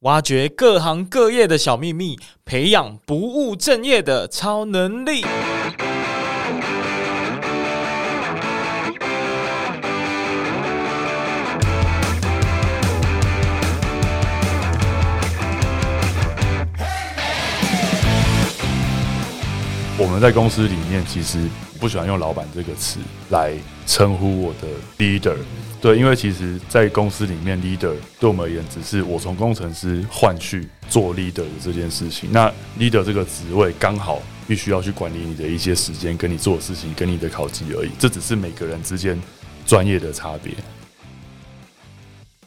挖掘各行各業的小秘密，培養不務正業的超能力。我們在公司裡面其實不喜歡用“老闆”這個詞來稱呼我的 leader，對，因為其實，在公司裡面，leader 對我們而言，只是我從工程師換去做 leader 的這件事情。那 leader 這個職位剛好必須要去管理你的一些時間，跟你做的事情，跟你的考績而已。這只是每個人之間專業的差別。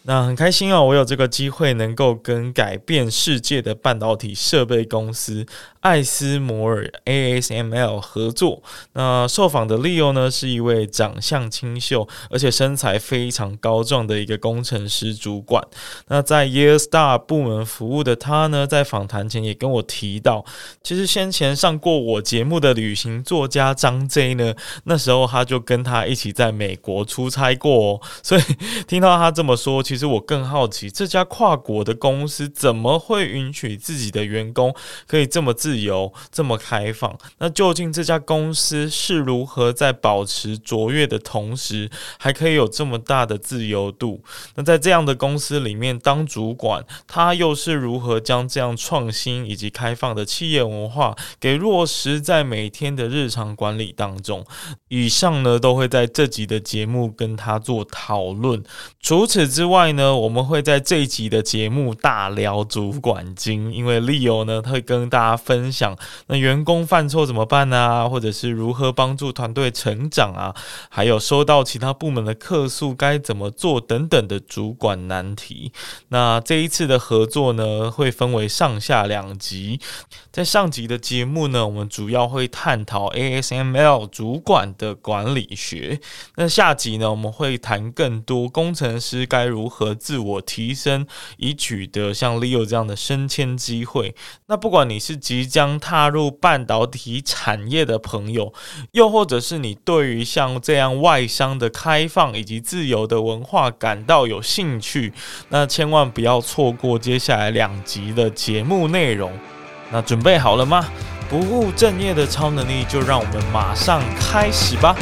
那很開心哦，我有這個機會能夠跟改變世界的半導體設備公司艾司摩爾 （ASML） 合作。那受訪的 Leo 呢，是一位長相清秀而且身材非常高壯的一個工程師主管。那在 YieldStar 部門服務的他呢，在訪談前也跟我提到，其實先前上過我節目的旅行作家張 J 呢，那時候他就跟他一起在美國出差過，哦。所以聽到他這麼說，其實。其實我更好奇，這家跨國的公司怎麼會允許自己的員工可以這麼自由、這麼開放？那究竟這家公司是如何在保持卓越的同時，還可以有這麼大的自由度？那在這樣的公司裡面當主管，他又是如何將這樣創新以及開放的企業文化給落實在每天的日常管理當中？以上呢都會在這集的節目跟他做討論。除此之外，另外呢，我們會在這一集的節目大聊主管經，因為 Leo 呢他會跟大家分享那員工犯錯怎麼辦啊？或者是如何幫助團隊成長啊，還有收到其他部門的客訴該怎麼做等等的主管難題。那這一次的合作呢，會分為上下兩集，在上集的節目呢，我們主要會探討 ASML 主管的管理學，那下集呢，我們會談更多工程師該如何。和自我提升以取得像 Leo 這樣的升遷機會。那不管你是即將踏入半導體產業的朋友，又或者是你對於像這樣外商的開放以及自由的文化感到有興趣，那千萬不要錯過接下來兩集的節目內容。那準備好了嗎？不務正業的超能力，就讓我們馬上開始吧。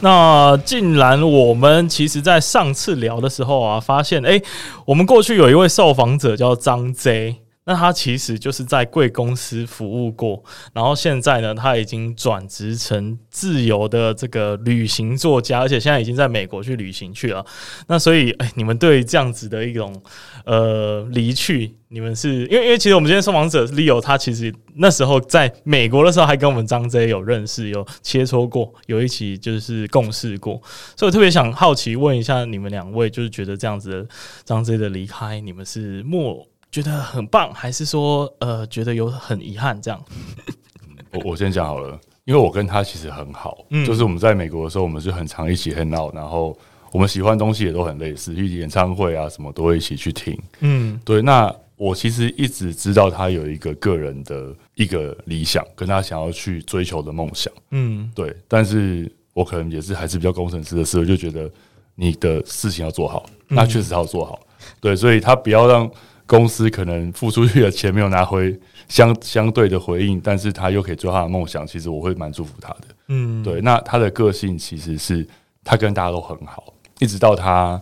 那竟然，我們其實，在上次聊的時候啊，發現，誒、欸，我們過去有一位受訪者叫張 J。那他其實就是在貴公司服務過，然後現在呢，他已經轉職成自由的這個旅行作家，而且現在已經在美國去旅行去了。那所以，哎，你們對這樣子的一種呃離去，你們是因為，因為其實我們今天受訪者 Leo 他其實那時候在美國的時候還跟我們張 J 有認識，有切磋過，有一起就是共事過，所以我特別想好奇問一下你們兩位，就是覺得這樣子的張 J 的離開，你們是莫？覺得很棒，還是說呃，覺得有很遺憾？這樣， 我我先講好了，因為我跟他其實很好，嗯，就是我們在美國的時候，我們是很常一起 hang out，然後我們喜歡的東西也都很類似，去演唱會啊什麼都會一起去聽，嗯，對。那我其實一直知道他有一個個人的一個理想，跟他想要去追求的夢想，嗯，對。但是我可能也是還是比較工程師的時候，就覺得你的事情要做好，那確實要做好，嗯、對，所以他不要讓。公司可能付出去的錢沒有拿回相相對的回應，但是他又可以做他的夢想，其實我會蠻祝福他的。嗯，對。那他的個性其實是他跟大家都很好，一直到他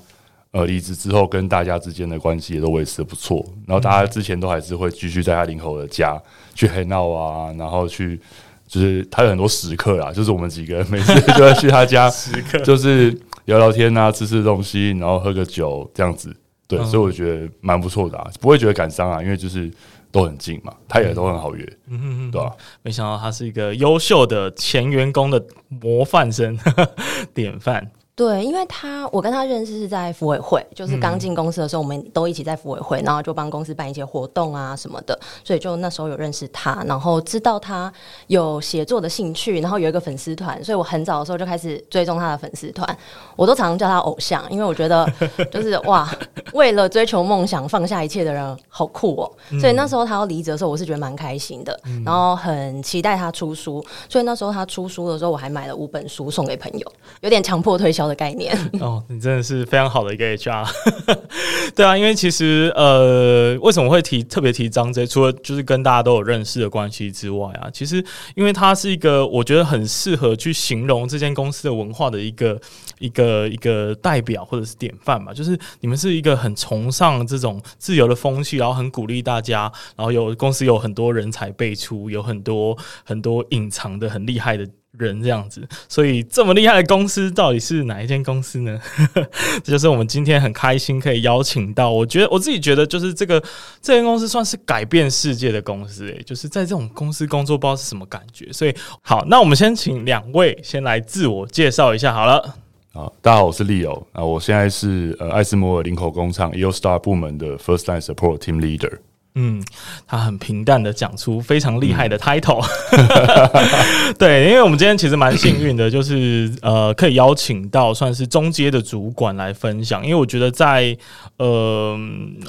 呃離職之後，跟大家之間的關係也都維持得不錯。然後大家之前都還是會繼續在他林口的家、嗯、去 hang out 啊，然後去就是他有很多時刻啦，就是我們幾個每次都要去他家， 時刻就是聊聊天啊，吃吃東西，然後喝個酒這樣子。對，所以我覺得蠻不錯的，啊，不會覺得感傷啊，因為就是都很近嘛，他也都很好約，對吧？啊，嗯。沒想到他是一個優秀的前員工的模範生 典範。對，因為他我跟他認識是在福委會，就是剛進公司的時候，我們都一起在福委會，嗯、然後就幫公司辦一些活動啊什麼的，所以就那時候有認識他，然後知道他有寫作的興趣，然後有一個粉絲團，所以我很早的時候就開始追蹤他的粉絲團，我都常常叫他偶像，因為我覺得就是 哇，為了追求夢想放下一切的人好酷哦，所以那時候他要離職的時候，我是覺得蠻開心的，然後很期待他出書，所以那時候他出書的時候，我還買了五本書送給朋友，有點強迫推銷。的概念哦，oh, 你真的是非常好的一個 HR。 對啊，因為其實呃，為什麼會提特別提張 J，除了就是跟大家都有認識的關係之外啊，其實因為它是一個我覺得很適合去形容這間公司的文化的一個一個一個代表或者是典範嘛，就是你們是一個很崇尚這種自由的風氣，然後很鼓勵大家，然後有公司有很多人才輩出，有很多很多隱藏的很厲害的。人這樣子，所以這麼厲害的公司到底是哪一間公司呢？ 就是我們今天很開心可以邀請到，我覺得我自己覺得就是這個這間公司算是改變世界的公司誒、欸，就是在這種公司工作不知道是什麼感覺。所以好，那我們先請兩位先來自我介紹一下好了。好，大家好，我是 Leo，啊，我現在是呃艾司摩爾林口工廠 YieldStar 部門的 First Line Support Team Leader。嗯，他很平淡的講出非常厲害的 title，嗯、 對，因為我們今天其實蠻幸運的，就是呃，可以邀請到算是中階的主管來分享。因為我覺得在呃，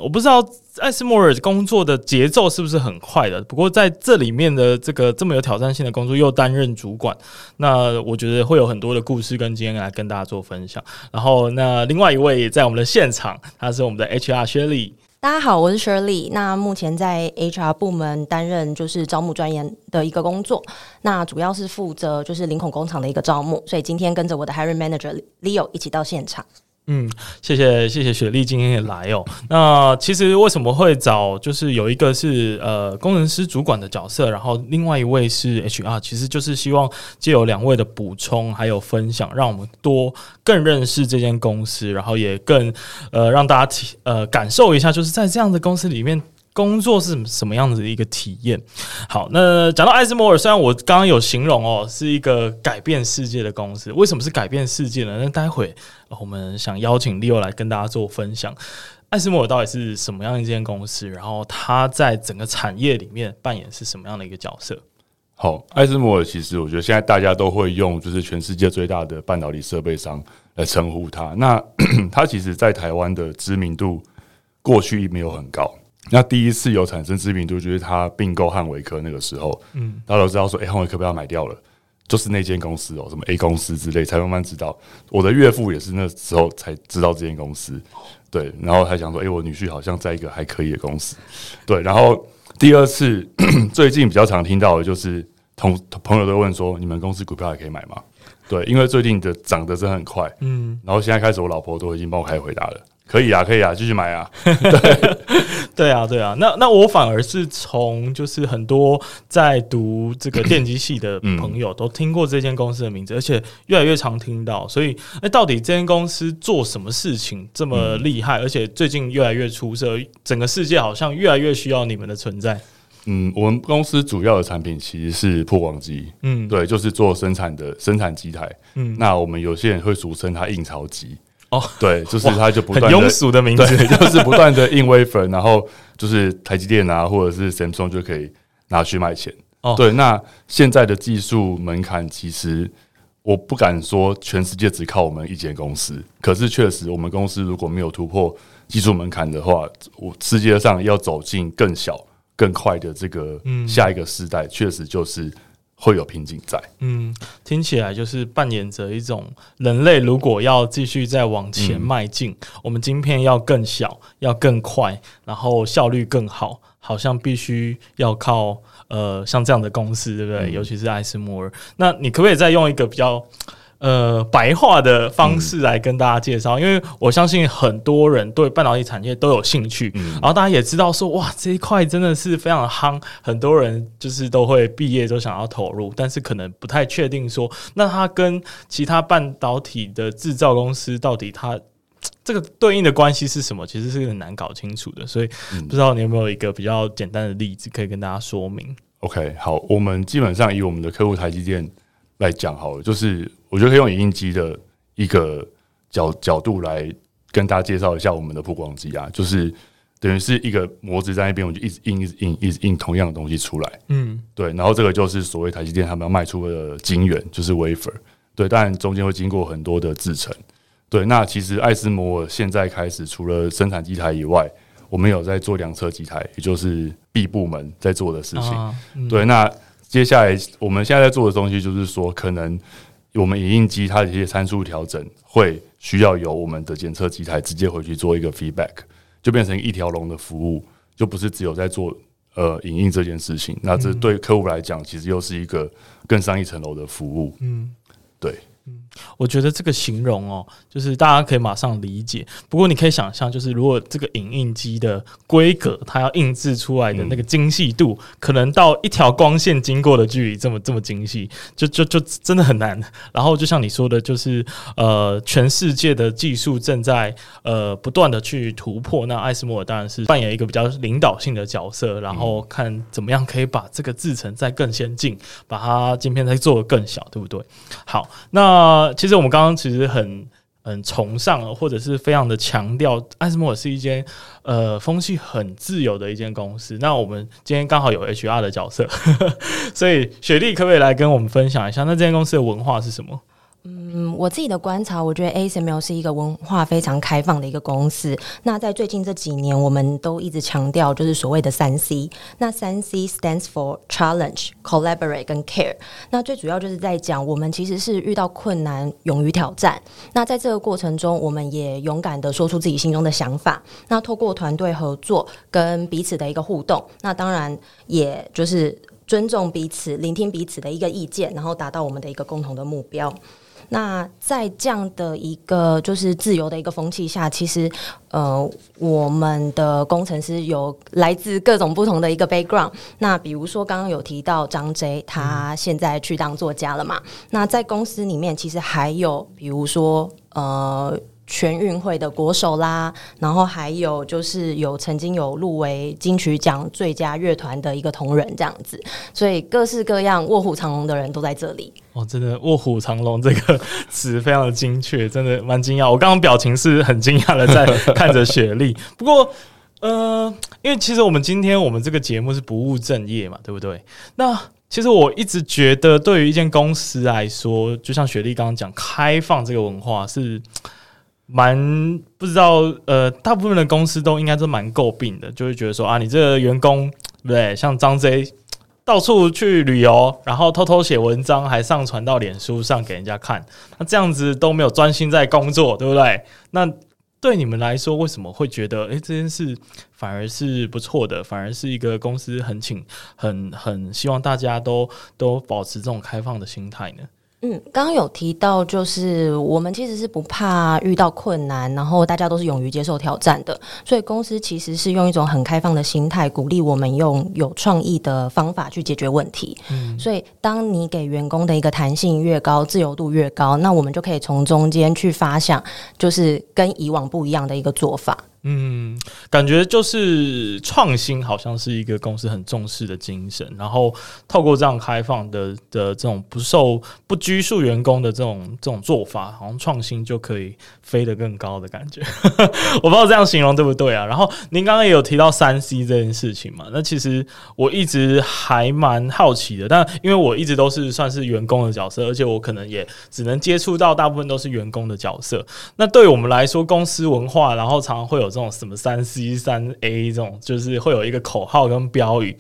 我不知道艾司摩爾工作的節奏是不是很快的，不過在這裡面的這個這麼有挑戰性的工作，又擔任主管，那我覺得會有很多的故事跟今天來跟大家做分享。然後那另外一位也在我們的現場，他是我們的 HR 薛莉。大家好，我是 Shirley，那目前在 HR 部門擔任就是招募專員的一個工作，那主要是負責就是林口工廠的一個招募，所以今天跟着我的 Hiring Manager Leo 一起到現場。嗯，謝謝謝謝雪莉今天也來哦。那其實為什麼會找就是有一個是呃工程師主管的角色，然後另外一位是 HR，其實就是希望借由兩位的補充還有分享，讓我們多更認識這間公司，然後也更呃讓大家體呃感受一下，就是在這樣的公司裡面。工作是什麼樣子的一個體驗？好，那講到艾司摩爾，雖然我剛剛有形容哦、喔，是一個改變世界的公司，為什麼是改變世界呢？那待會我們想邀請 Leo 來跟大家做分享，艾司摩爾到底是什麼樣一間公司？然後它在整個產業裡面扮演是什麼樣的一個角色？好，艾司摩爾其實我覺得現在大家都會用就是全世界最大的半導體設備商來稱呼它。那它 其實在台灣的知名度過去也沒有很高。那第一次有產生知名度，就是他併購漢微科那個時候，嗯，大家都知道說，誒、欸，漢微科不要買掉了，就是那間公司哦、喔，什麼 A 公司之類，才慢慢知道。我的岳父也是那時候才知道這間公司，對，然後他想說，誒、欸，我女婿好像在一個還可以的公司，對。然後第二次，咳咳最近比較常聽到的就是同，同朋友都問說，你們公司股票還可以買嗎？對，因為最近的漲得真很快，嗯，然後現在開始，我老婆都已經幫我開始回答了。可以啊，可以啊，繼續買啊！對 對啊，對啊。那那我反而是從就是很多在讀這個電機系的朋友都聽過這間公司的名字， 嗯、而且越來越常聽到。所以，哎、欸，到底這間公司做什麼事情這麼厲害？嗯、而且最近越來越出色，整個世界好像越來越需要你們的存在。嗯，我們公司主要的產品其實是曝光機。嗯，對，就是做生產的生產機台。嗯，那我們有些人會俗稱它印鈔機。哦，oh，對，就是它就不斷的很庸俗的名字，就是不斷的印 wafer，然後就是台積電啊，或者是 Samsung 就可以拿去賣錢。哦，oh。對，那現在的技術門檻，其實我不敢說全世界只靠我們一間公司，可是確實，我們公司如果沒有突破技術門檻的話，我世界上要走進更小、更快的這個下一個時代，確、嗯、實就是。會有瓶頸在，嗯，聽起來就是扮演着一種人類，如果要繼續再往前邁進，嗯、我們晶片要更小，要更快，然後效率更好，好像必須要靠呃像這樣的公司，對不對？嗯、尤其是艾司摩爾，那你可不可以再用一個比較？呃，白話的方式來跟大家介紹，嗯、因為我相信很多人對半導體產業都有興趣，嗯、然後大家也知道說，哇，這一塊真的是非常的夯，很多人就是都會畢業都想要投入，但是可能不太確定說，那它跟其他半導體的制造公司到底它這個對應的關係是什麼，其實是很難搞清楚的，所以不知道你有沒有一個比較簡單的例子可以跟大家說明。嗯、OK，好，我們基本上以我們的客戶台積電來講好了，就是。我覺得可以用影印機的一個角角度來跟大家介紹一下我們的曝光機啊，就是等於是一個模子在那邊，我就一直印,一直印、一直印、一直印同樣的東西出來。嗯，對。然後這個就是所謂台積電他們要賣出的晶圓，嗯、就是 wafer。對，但中間會經過很多的制程。對，那其實艾司摩爾現在開始除了生產機台以外，我們有在做量測機台，也就是 B 部門在做的事情。哦嗯、對，那接下來我們現在在做的東西就是說可能。我們影印機它的一些參數調整，會需要由我們的檢測機台直接回去做一個 feedback，就變成一條龍的服務，就不是只有在做呃影印這件事情。那這對客戶來講，其實又是一個更上一層樓的服務。嗯，對，嗯我覺得這個形容哦、喔，就是大家可以馬上理解。不過你可以想象，就是如果這個影印機的規格，它要印制出來的那個精細度，可能到一條光線經過的距離這麼這麼精細，就就就真的很難。然後就像你說的，就是呃，全世界的技術正在呃不斷的去突破。那艾司摩爾當然是扮演一個比較領導性的角色，然後看怎麼樣可以把這個製程再更先進，把它晶片再做得更小，對不對？好，那。其實我們剛剛其實很很崇尚，或者是非常的強調，艾司摩爾是一間呃風氣很自由的一間公司。那我們今天剛好有 HR 的角色呵呵，所以雪莉可不可以來跟我們分享一下，那這間公司的文化是什麼？嗯，我自己的觀察，我覺得 ASML 是一個文化非常開放的一個公司。那在最近這幾年，我們都一直強調就是所謂的三 C。那三 C stands for challenge, collaborate, 跟 care。那最主要就是在講，我們其實是遇到困難，勇於挑戰。那在這個過程中，我們也勇敢地說出自己心中的想法。那透過團隊合作跟彼此的一個互動，那當然也就是尊重彼此，聆聽彼此的一個意見，然後達到我們的一個共同的目標。那在這樣的一個就是自由的一個風氣下，其實，呃，我們的工程師有來自各種不同的一個 background。那比如說剛剛有提到張 J，他現在去當作家了嘛。那在公司裡面，其實還有比如說呃。全運會的國手啦，然後還有就是有曾經有入圍金曲獎最佳樂團的一個同仁這樣子，所以各式各樣臥虎藏龍的人都在這裡。哦，真的臥虎藏龍這個詞非常的精確，真的蠻驚訝。我剛剛表情是很驚訝的，在看着雪莉。 不過，呃，因為其實我們今天我們這個節目是不務正業嘛，對不對？那其實我一直覺得，對於一間公司來說，就像雪莉剛剛講，開放這個文化是。蠻不知道，呃，大部分的公司都應該是蠻詬病的，就會覺得說啊，你這個員工，對不對？像張 J 到處去旅遊，然後偷偷寫文章，還上傳到臉書上給人家看，那這樣子都沒有專心在工作，對不對？那對你們來說，為什麼會覺得，哎、欸，這件事反而是不錯的，反而是一個公司很請很很希望大家都都保持這種開放的心態呢？嗯，剛有提到，就是我們其實是不怕遇到困難，然後大家都是勇於接受挑戰的，所以公司其實是用一種很開放的心態，鼓勵我們用有創意的方法去解決問題。嗯，所以當你給員工的一個彈性越高，自由度越高，那我們就可以從中間去發想，就是跟以往不一樣的一個做法。嗯，感覺就是創新好像是一個公司很重視的精神，然後透過這樣開放的的這種不受不拘束員工的這種這種做法，好像創新就可以飛得更高的感覺。 我不知道這樣形容對不對啊？然後您剛剛也有提到三 C 這件事情嘛？那其實我一直還蠻好奇的，但因為我一直都是算是員工的角色，而且我可能也只能接觸到大部分都是員工的角色。那對我們來說，公司文化，然後常常會有，這種什麼三 C 三 A 這種，就是會有一個口號跟標語，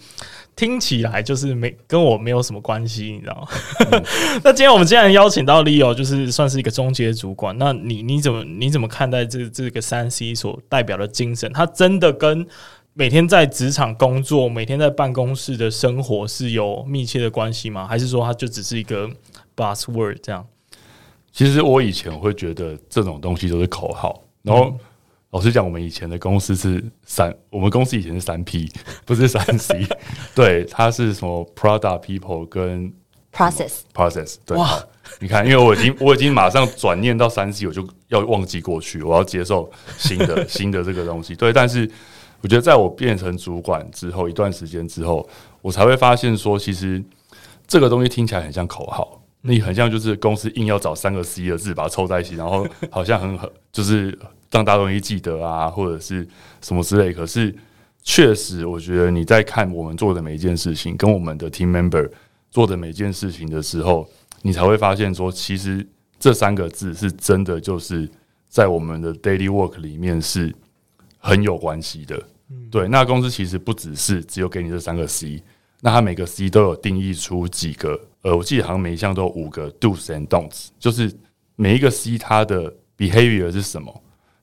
聽起來就是沒跟我沒有什麼關係，你知道嗎？嗯、 那今天我們既然邀請到 Leo，就是算是一個中階主管，那你你怎麼你怎麼看待這個、這個三 C 所代表的精神？它真的跟每天在職場工作、每天在辦公室的生活是有密切的關係嗎？還是說它就只是一個 buzzword 這樣？其實我以前會覺得這種東西都是口號，然後，嗯老實講，我們以前的公司是三，我們公司以前是三 P，不是三 C。 對，它是什麼 Product People 跟 Process、嗯、Process。哇 Wow.、啊，你看，因為我已經我已經馬上轉念到三 C，我就要忘記過去，我要接受新的新的這個東西。 對，但是我覺得，在我變成主管之後一段時間之後，我才會發現說，其實這個東西聽起來很像口號，嗯、你很像就是公司硬要找三個 C 的字把它湊在一起，然後好像很很就是。讓大家容易記得啊，或者是什麼之類。可是，確實，我覺得你在看我們做的每一件事情，跟我們的 team member 做的每件事情的時候，你才會發現說，其實這三個字是真的，就是在我們的 daily work 裡面是很有關係的。嗯、對，那公司其實不只是只有給你這三個 C，那它每個 C 都有定義出幾個，呃，我記得好像每一項都有五個 do's and don'ts，就是每一個 C 它的 behavior 是什麼。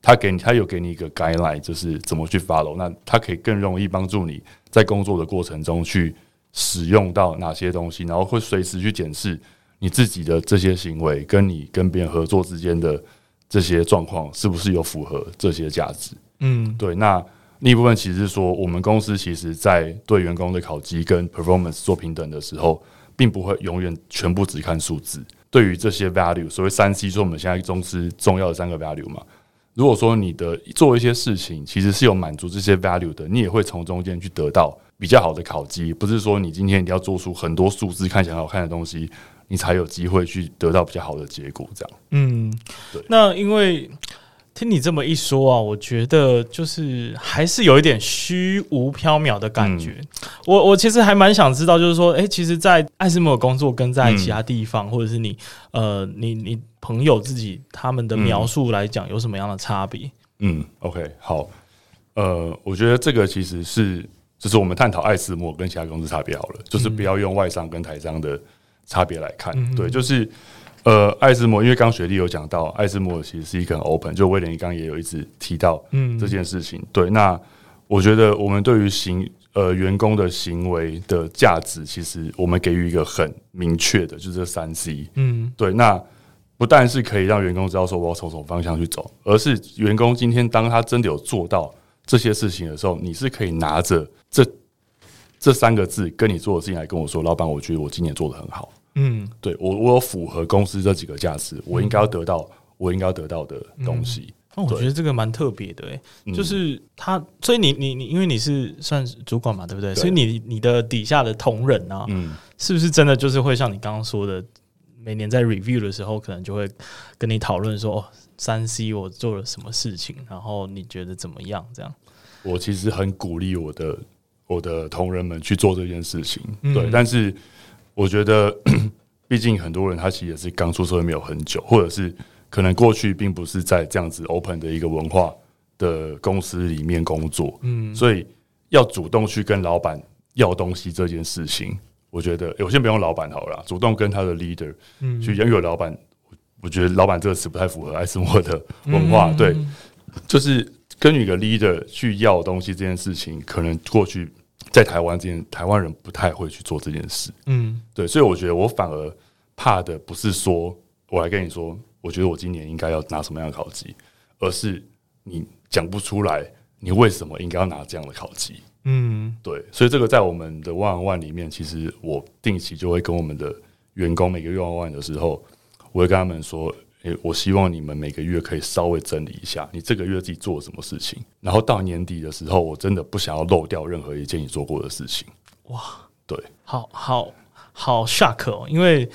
他給你，他有給你一個 guideline，就是怎麼去 follow。那他可以更容易幫助你在工作的過程中去使用到哪些東西，然後會隨時去檢視你自己的這些行為，跟你跟別人合作之間的這些狀況是不是有符合這些價值。嗯，對。那另一部分其實是說，我們公司其實在對員工的考績跟 performance 做評等的時候，並不會永遠全部只看數字。對於這些 value，所謂三 C，說我們現在公司重要的三個 value 嘛。如果說你的做一些事情，其實是有滿足這些 value 的，你也會從中間去得到比較好的考績。不是說你今天一定要做出很多數字看起來好看的東西，你才有機會去得到比較好的結果。這樣，嗯，對。那因為。聽你這麼一說啊，我覺得就是還是有一點虛無縹緲的感覺。嗯、我我其實還蠻想知道，就是說，哎、欸，其實，在艾斯莫工作跟在其他地方，嗯、或者是你呃你你朋友自己他們的描述來講，有什麼樣的差別？嗯，OK，好，呃，我覺得這個其實是就是我們探討艾斯莫跟其他公司差別好了，就是不要用外商跟台商的差別來看，嗯、對，就是。呃，艾斯摩，因為剛雪莉有講到，艾斯摩其實是一個很 open，就威廉你剛也有一直提到這件事情。嗯、對，那我覺得我們對於行呃員工的行為的價值，其實我們給予一個很明確的，就是、這三 C。嗯，對，那不但是可以讓員工知道說我要從什麼方向去走，而是員工今天當他真的有做到這些事情的時候，你是可以拿着這這三個字跟你做的事情來跟我說，老板，我覺得我今年做的很好。嗯，對我我符合公司這幾個價值，我應該要得到、嗯、我應該要得到的東西。那、嗯對啊、我覺得這個蠻特別的，就是他，所以你你你，因為你是算主管嘛，對不對？對，所以你你的底下的同仁啊，嗯，是不是真的就是會像你剛剛說的，每年在 review 的時候，可能就會跟你討論說，哦，三 C 我做了什麼事情，然後你覺得怎麼樣？這樣。我其實很鼓勵我的我的同仁們去做這件事情，嗯、對，但是。我覺得，畢竟很多人他其實也是剛出社會沒有很久，或者是可能過去並不是在這樣子 open 的一個文化的公司裡面工作，嗯，所以要主動去跟老闆要東西這件事情，我覺得欸、我先不用老闆好了啦，主動跟他的 leader，去其實有老闆，我覺得老闆這個詞不太符合艾斯莫的文化，嗯嗯嗯對，就是跟一個 leader 去要東西這件事情，可能過去。在台灣，這邊台灣人不太會去做這件事。嗯，對，所以我覺得我反而怕的不是說，我來跟你說，我覺得我今年應該要拿什麼樣的考績，而是你講不出來你為什麼應該要拿這樣的考績。嗯，對，所以這個在我們的 one on one 裡面，其實我定期就會跟我們的員工每個月 one on one 的時候，我會跟他們說。欸、我希望你們每個月可以稍微整理一下，你這個月自己做了什麼事情，然後到年底的時候，我真的不想要漏掉任何一件你做過的事情。哇，對，好好好，shock、哦，因為。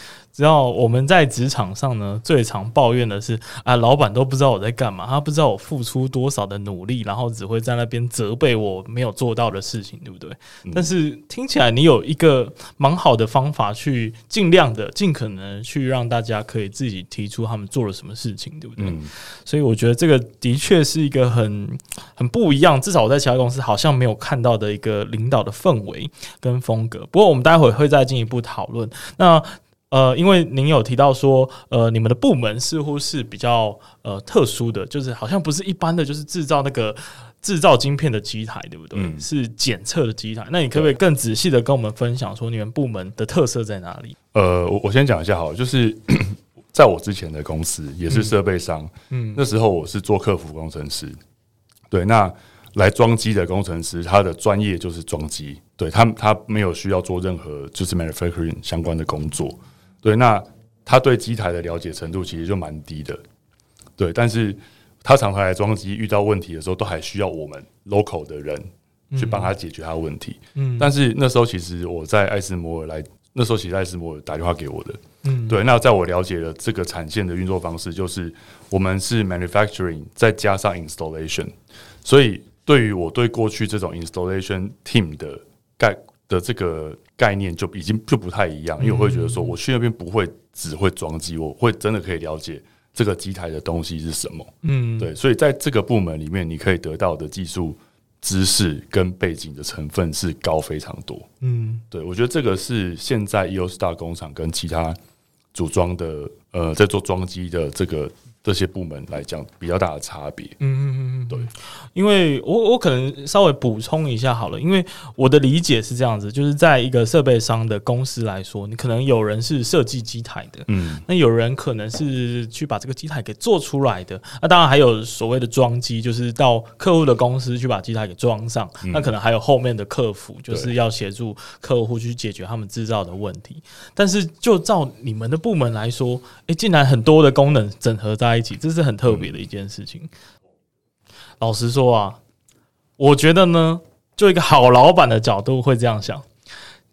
然後我們在職場上呢，最常抱怨的是啊，老闆都不知道我在幹嘛，他不知道我付出多少的努力，然後只會在那邊責備我沒有做到的事情，對不對？嗯、但是聽起來你有一個蠻好的方法，去儘量的、尽可能去讓大家可以自己提出他們做了什麼事情，對不對？嗯、所以我覺得這個的確是一個很很不一樣，至少我在其他公司好像沒有看到的一個領導的氛圍跟風格。不過我們待會會再進一步討論。那呃，因為您有提到說，呃，你們的部門似乎是比較呃特殊的，就是好像不是一般的就是製造那個製造晶片的機台，對不對？嗯，是檢測的機台。那你可不可以更仔細的跟我們分享說，你們部門的特色在哪裡？呃，我我先講一下哈，就是 在我之前的公司也是設備商，嗯，那時候我是做客服工程師，對，那來裝機的工程師，他的專業就是裝機，對，他他沒有需要做任何就是 manufacturing 相關的工作。對，那他對機台的了解程度其實就蠻低的。對，但是他常常來裝機，遇到問題的時候，都還需要我們 local 的人去幫他解決他的問題。嗯，但是那時候其實我在艾斯摩爾來，那時候其實艾斯摩爾打電話給我的。嗯，對，那在我了解了這個產線的運作方式，就是我們是 manufacturing 再加上 installation。所以，對於我對過去這種 installation team 的概的這個。概念就已經就不太一樣，因為我會覺得說，我去那邊不會只會裝機，我會真的可以了解這個機台的東西是什麼。嗯，對，所以在這個部門裡面，你可以得到的技術知識跟背景的成分是高非常多。嗯，對，我覺得這個是現在 YieldStar 工廠跟其他組裝的呃，在做裝機的這個這些部門來講比較大的差別，嗯嗯嗯嗯，對，因為我我可能稍微補充一下好了，因為我的理解是這樣子，就是在一個設備商的公司來說，你可能有人是設計機台的，嗯，那有人可能是去把這個機台給做出來的，那當然還有所謂的裝機，就是到客戶的公司去把機台給裝上，那可能還有後面的客服，就是要協助客戶去解決他們製造的問題。但是就照你們的部門來說，欸，哎，竟然很多的功能整合在，在一起,這是很特別的一件事情。老實說啊，我覺得呢，就一個好老闆的角度會這樣想。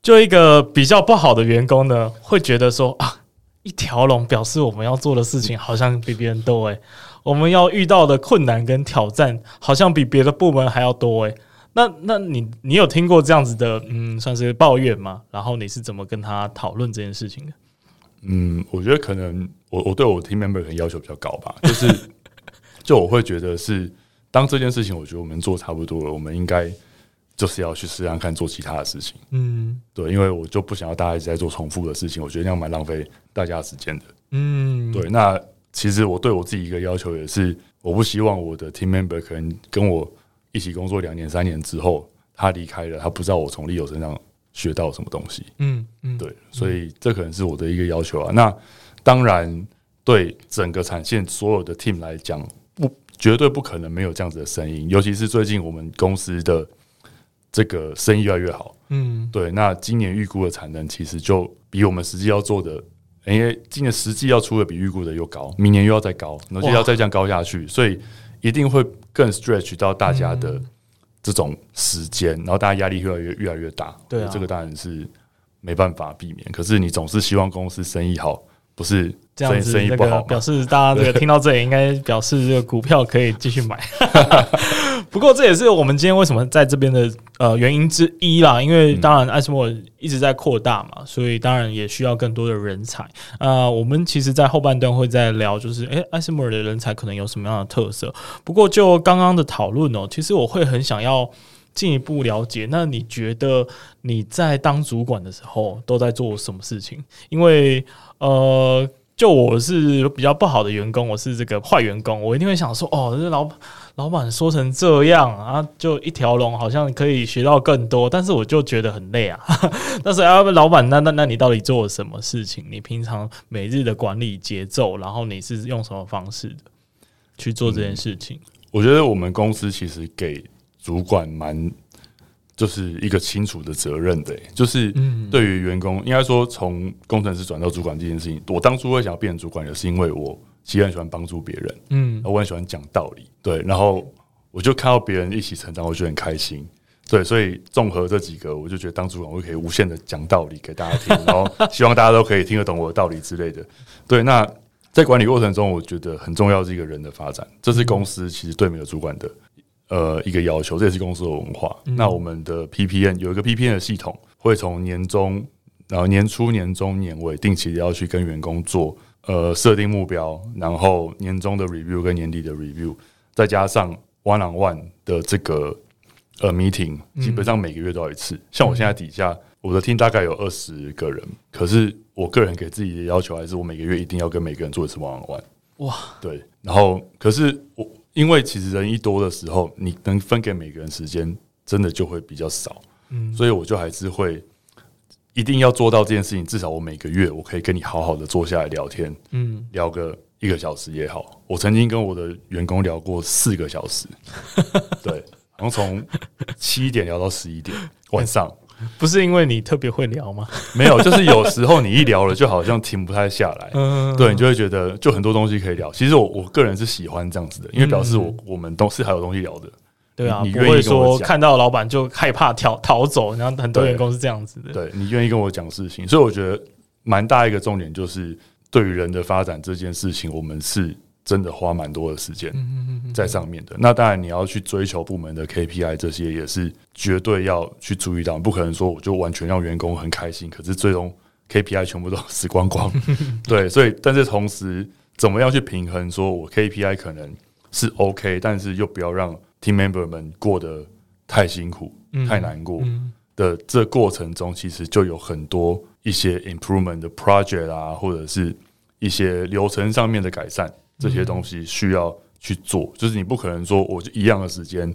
就一個比較不好的員工呢，會覺得說啊，一條龍表示我們要做的事情好像比別人多誒，我們要遇到的困難跟挑戰好像比別的部門還要多誒。那，那你你有聽過這樣子的，嗯，算是抱怨嗎？然後你是怎麼跟他討論這件事情的？嗯，我覺得可能。我我對我 team member 可能要求比較高吧，就是就我會覺得是當這件事情我覺得我們做差不多了，我們應該就是要去試試看做其他的事情。嗯，對，因為我就不想要大家一直在做重複的事情，我覺得那樣蠻浪費大家時間的。嗯，對。那其實我對我自己一個要求也是，我不希望我的 team member 可能跟我一起工作兩年三年之後，他離開了，他不知道我從 Leo 身上學到什麼東西。嗯嗯，對。所以這可能是我的一個要求啊。那當然，對整個產線所有的 team 來講，不，絕對不可能沒有這樣子的聲音。尤其是最近我們公司的這個生意越來越好，嗯，對。那今年預估的產能其實就比我們實際要做的，因為今年實際要出的比預估的又高，明年又要再高，然後又要再這樣高下去，哇所以一定會更 stretch 到大家的這種時間，然後大家壓力越來越越來越大。對、啊，這個當然是沒辦法避免。可是你總是希望公司生意好。不是這樣子，生意不好表示大家這個聽到這裡應該表示這個股票可以繼續買。 不過這也是我們今天為什麼在這邊的呃原因之一啦，因為當然艾司摩爾一直在擴大嘛，所以當然也需要更多的人才。啊、呃，我們其實，在後半段會再聊，就是誒，艾司摩爾的人才可能有什麼樣的特色。不過就剛剛的討論哦，其實我會很想要。進一步了解，那你覺得你在當主管的時候都在做什麼事情？因為呃，就我是比較不好的員工，我是這個壞員工，我一定會想說，哦，這老老闆說成這樣啊，就一條龍，好像可以學到更多，但是我就覺得很累啊。但是啊，老闆，那那那你到底做了什麼事情？你平常每日的管理節奏，然後你是用什麼方式去做這件事情？嗯，我覺得我們公司其實給。主管蠻就是一個清楚的責任的，就是對於員工，應該說從工程師轉到主管這件事情，我當初會想要變成主管，也是因為我其實很喜歡幫助別人，嗯，我很喜歡講道理，對，然後我就看到別人一起成長，我就很開心，對，所以綜合這幾個，我就覺得當主管我可以無限的講道理給大家聽，然後希望大家都可以聽得懂我的道理之類的，對，那在管理過程中，我覺得很重要是一個人的發展，這是公司其實對每個主管的。呃，一個要求，這也是公司的文化。嗯、那我們的 PPN 有一個 PPN 的系統，會從年終，然後年初、年中、年尾，定期的要去跟員工做呃設定目標，然後年終的 review 跟年底的 review，再加上 one-on-one 的這個呃 meeting，基本上每個月都要一次。嗯、像我現在底下我的 team 大概有二十個人，可是我個人給自己的要求還是我每個月一定要跟每個人做一次 one-on-one。One, 哇，對，然後可是我。因為其實人一多的時候，你能分給每個人時間真的就會比較少，嗯，所以我就還是會一定要做到這件事情。至少我每個月我可以跟你好好的坐下來聊天，嗯，聊個一個小時也好。我曾經跟我的員工聊過四個小時， 對，然後從七點聊到十一點 晚上。不是因為你特別會聊嗎？ 沒有，就是有時候你一聊了，就好像停不太下來。 嗯，對你就會覺得就很多東西可以聊。其實我我個人是喜歡這樣子的，因為表示我、嗯、我們都是還有東西聊的。對啊，你不會說看到老闆就害怕逃逃走，然後很多員工是這樣子的。對，對你願意跟我講事情，所以我覺得蠻大一個重點就是對於人的發展這件事情，我們是。真的花蠻多的時間在上面的。嗯、哼哼哼，那當然，你要去追求部門的 KPI，這些也是絕對要去注意到。不可能說我就完全讓員工很開心，可是最終 KPI 全部都死光光。 對，所以但是同時，怎麼樣去平衡？說我 KPI 可能是 OK，但是又不要讓 team member 們過得太辛苦、太難過的，這過程中，其實就有很多一些 improvement 的 project 啊，或者是一些流程上面的改善。這些東西需要去做，就是你不可能說我就一樣的時間，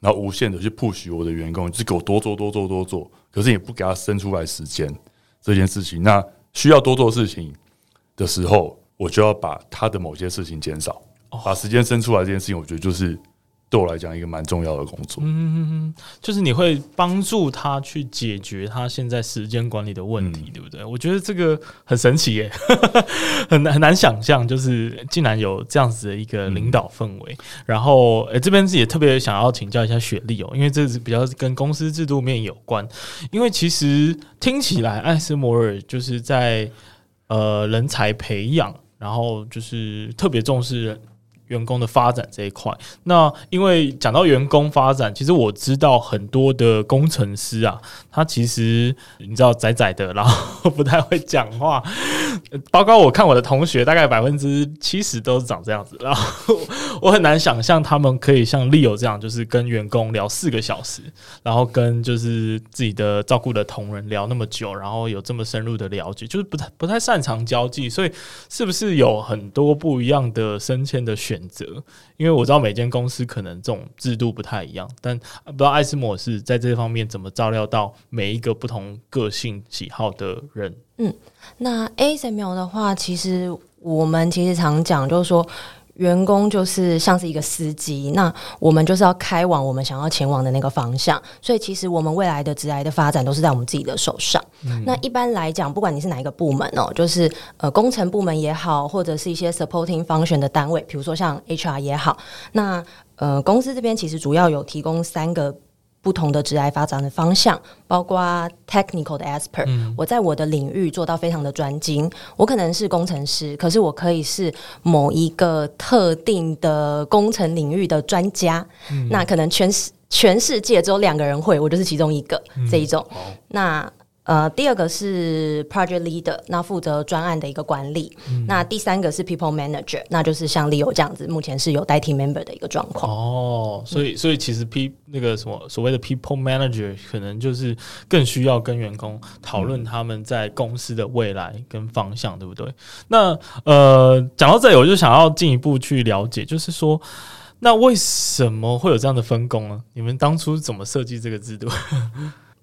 然後無限的去 push 我的員工，就給我多做多做多做，可是你不給他生出來時間這件事情。那需要多做事情的時候，我就要把他的某些事情減少，把時間生出來這件事情，我覺得就是。對我來講，一個蠻重要的工作，嗯，就是你會幫助他去解決他現在時間管理的問題，嗯、對不對？我覺得這個很神奇耶， 很難，很難想象，就是竟然有這樣子的一個領導氛圍。嗯、然後，欸、這邊自己也特別想要請教一下雪莉哦、喔，因為這是比較跟公司制度面有關。因為其實聽起來，艾斯摩爾就是在呃人才培養，然後就是特別重視人。員工的發展這一塊。那因為講到員工發展，其實我知道很多的工程師啊，他其實你知道宅宅的，然後不太會講話，包括我看我的同學，大概百分之七十都是長這樣子，然後我很難想象他們可以像 Leo 這樣，就是跟員工聊四個小時，然後跟就是自己的照顧的同仁聊那麼久，然後有這麼深入的了解，就是不太不太擅長交際，所以是不是有很多不一樣的升遷的選選擇，因為我知道每間公司可能這種制度不太一樣，但不知道艾司摩爾在這方面怎麼照料到每一個不同個性、喜好的人？嗯，那 ASML 的話，其實我們其實常講，就是說，員工就是像是一個司機，那我們就是要開往我們想要前往的那個方向。所以其實我們未來的職涯的發展都是在我們自己的手上。嗯、那一般來講，不管你是哪一個部門哦，就是呃工程部門也好，或者是一些 supporting function 的單位，比如說像 HR 也好，那呃公司這邊其實主要有提供三個。不同的職業發展的方向，包括 technical 的 aspect 我在我的領域做到非常的專精。我可能是工程師，可是我可以是某一個特定的工程領域的專家。嗯哦、那可能全世全世界只有兩個人會，我就是其中一個、嗯、這一種。好那。呃，第二個是 project leader，那負責專案的一個管理。嗯、那第三個是 people manager，那就是像 Leo 這樣子，目前是有帶 team member 的一個狀況。哦，所以、嗯、所以其實 P 那個什麼所謂的 people manager，可能就是更需要跟員工討論他們在公司的未來跟方向，嗯、對不對？那呃，講到這裡，我就想要進一步去了解，就是說，那為什麼會有這樣的分工呢？你們當初怎麼設計這個制度？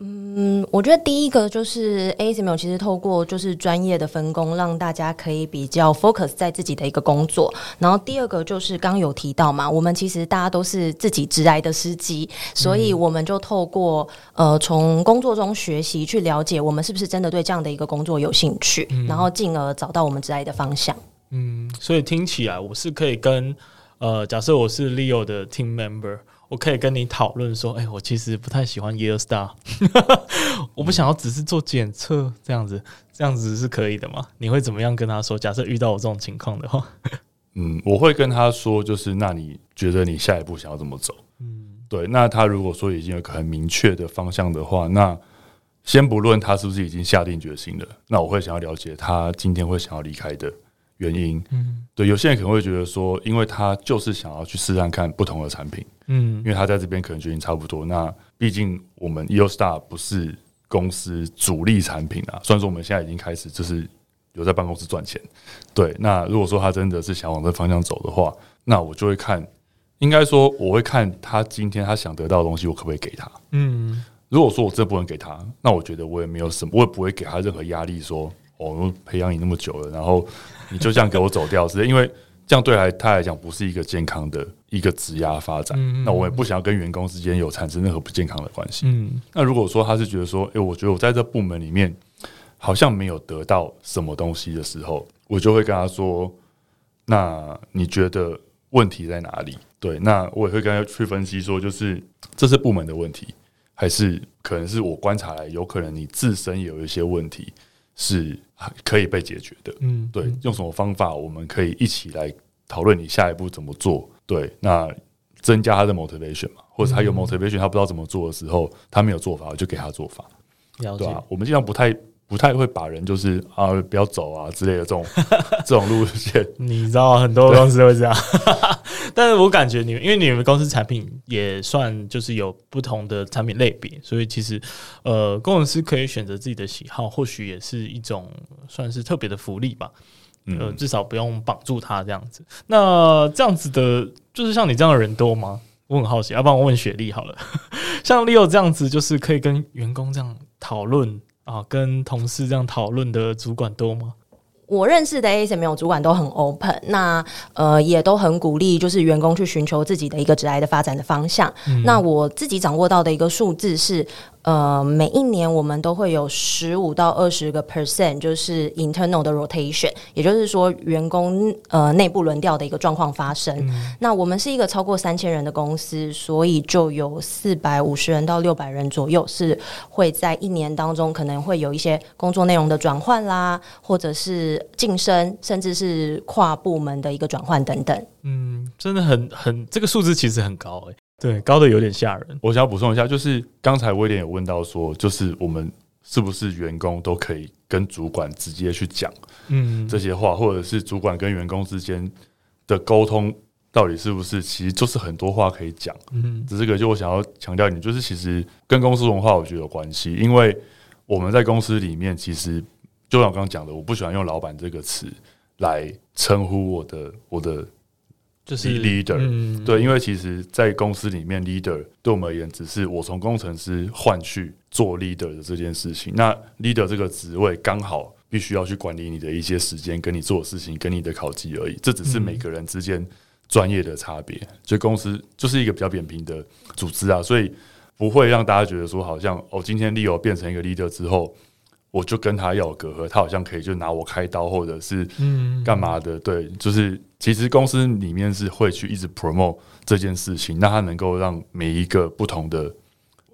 嗯，我覺得第一個就是 ASML，、欸、其實透過就是專業的分工，讓大家可以比較 focus 在自己的一個工作。然後第二個就是剛有提到嘛，我們其實大家都是自己職涯的司機，所以我們就透過呃從工作中學習去了解，我們是不是真的對這樣的一個工作有興趣，嗯、然後進而找到我們職涯的方向。嗯，所以聽起來我是可以跟呃，假設我是 Leo 的 team member。我可以跟你討論說，哎、欸，我其實不太喜歡 YieldStar，呵呵，我不想要只是做檢測這樣子，嗯、這樣子是可以的嗎？你會怎麼樣跟他說？假設遇到我這種情況的話，嗯，我會跟他說，就是那你覺得你下一步想要怎麼走？嗯，對，那他如果說已經有個很明確的方向的話，那先不論他是不是已經下定決心了，那我會想要了解他今天會想要離開的。原因，嗯哼，對，有些人可能會覺得說，因為他就是想要去試看，看不同的產品，嗯哼，因為他在這邊可能覺得你差不多。那畢竟我們 YieldStar 不是公司主力產品啊，雖然說我們現在已經開始就是有在辦公室賺錢，對。那如果說他真的是想往這方向走的話，那我就會看，應該說我會看他今天他想得到的東西，我可不可以給他？嗯哼，如果說我這部分給他，那我覺得我也沒有什，麼，我也不會給他任何壓力說，說哦，我們培養你那麼久了，然後。 你就這樣給我走掉，是因為這樣對，來他來講不是一個健康的一個職涯發展。那我也不想要跟員工之間有產生任何不健康的關係。嗯，那如果說他是覺得說，誒，我覺得我在這部門裡面好像沒有得到什麼東西的時候，我就會跟他說：“那你覺得問題在哪裡？”對，那我也會跟他去分析說，就是這是部門的問題，還是可能是我觀察來，有可能你自身有一些問題。是可以被解決的，嗯，對，用什麼方法，我們可以一起來討論你下一步怎麼做，對，那增加他的 motivation 嘛，或者他有 motivation，他不知道怎麼做的時候，他沒有做法，我就給他做法，了解，對啊，我們經常不太。不太會把人就是啊，不要走啊之類的這種這種路線， 你知道、啊，很多公司都會這樣。對 但是我感覺你們，因為你們公司產品也算就是有不同的產品類別，所以其實呃，工程師可以選擇自己的喜好，或許也是一種算是特別的福利吧。嗯、呃，至少不用綁住他這樣子。那這樣子的，就是像你這樣的人多嗎？我很好奇，要不然我問雪莉好了。 像 Leo 這樣子，就是可以跟員工這樣討論。啊，跟同事這樣討論的主管多嗎？我認識的 ASML 主管都很 open，那呃也都很鼓勵，就是員工去尋求自己的一個職業的發展的方向。嗯、那我自己掌握到的一個數字是。呃，每一年我們都會有十五到二十個 percent，就是 internal 的 rotation，也就是說員工呃內部輪調的一個狀況發生。嗯、那我們是一個超過三千人的公司，所以就有四百五十人到六百人左右是會在一年當中可能會有一些工作內容的轉換啦，或者是晉升，甚至是跨部門的一個轉換等等。嗯，真的很很這個數字其實很高誒、欸。對，高的有點嚇人。我想要補充一下，就是剛才威廉有問到說，就是我們是不是員工都可以跟主管直接去講，嗯，這些話，嗯、哼或者是主管跟員工之間的溝通，到底是不是其實就是很多話可以講？嗯哼，這個就我想要強調一點，就是其實跟公司文化我覺得有關係，因為我們在公司裡面，其實就像我剛剛講的，我不喜歡用“老闆”這個詞來稱呼我的我的。就是 The leader、嗯、對，因為其實，在公司裡面，leader 對我們而言，只是我從工程師換去做 leader 的這件事情。那 leader 這個職位，剛好必須要去管理你的一些時間，跟你做的事情，跟你的考績而已。這只是每個人之間專業的差別。所以、嗯、公司就是一個比較扁平的組織啊，所以不會讓大家覺得說，好像哦，今天 Leo 變成一個 leader 之後，我就跟他要有隔閡，他好像可以就拿我開刀，或者是幹嘛的？嗯、對，就是。其實公司裡面是會去一直 promote 這件事情，那它能夠讓每一個不同的，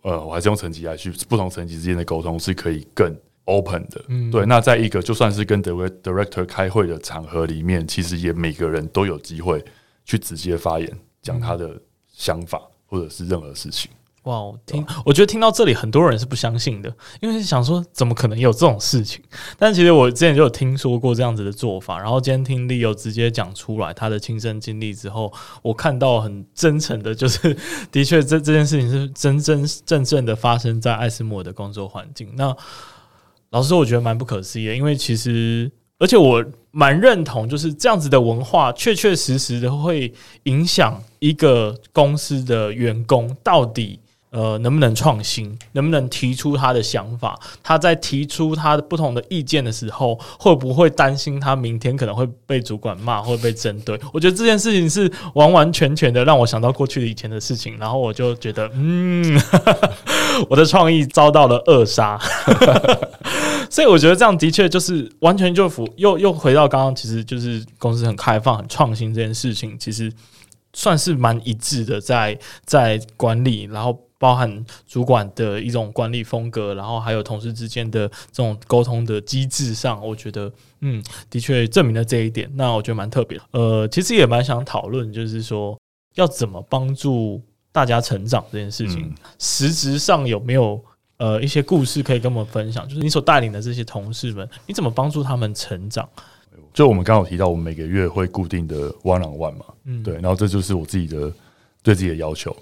呃，我還是用層級來去不同層級之間的溝通是可以更 open 的，嗯、對。那在一個就算是跟 director 開會的場合裡面，其實也每個人都有機會去直接發言，講他的想法或者是任何事情。哇，wow, 我聽，我覺得聽到這裡很多人是不相信的，因為想說怎麼可能有這種事情？但其實我之前就有聽說過這樣子的做法，然後今天 Leo 又直接講出來他的親身經歷之後，我看到很真誠的，就是的確這這件事情是真真正正正正的發生在艾司摩爾的工作環境。那老實說，我覺得蠻不可思議的，因為其實而且我蠻認同，就是這樣子的文化確確實實的會影響一個公司的員工到底。呃，能不能創新？能不能提出他的想法？他在提出他的不同的意見的時候，會不會擔心他明天可能會被主管罵，會被針對？我覺得這件事情是完完全全的讓我想到過去的以前的事情，然後我就覺得，嗯， 我的創意遭到了扼殺。 所以我覺得這樣的確就是完全就又又回到剛剛，其實就是公司很開放、很創新這件事情，其實算是蠻一致的在，在在管理，然後。包含主管的一種管理風格，然後還有同事之間的這種溝通的機制上，我覺得，嗯，的確證明了這一點。那我覺得蠻特別。呃，其實也蠻想討論，就是說要怎麼幫助大家成長這件事情。嗯，實質上有沒有呃一些故事可以跟我們分享？就是你所帶領的這些同事們，你怎麼幫助他們成長？就我們剛有提到，我們每個月會固定的 one on one 嘛，嗯，對，然後這就是我自己的對自己的要求。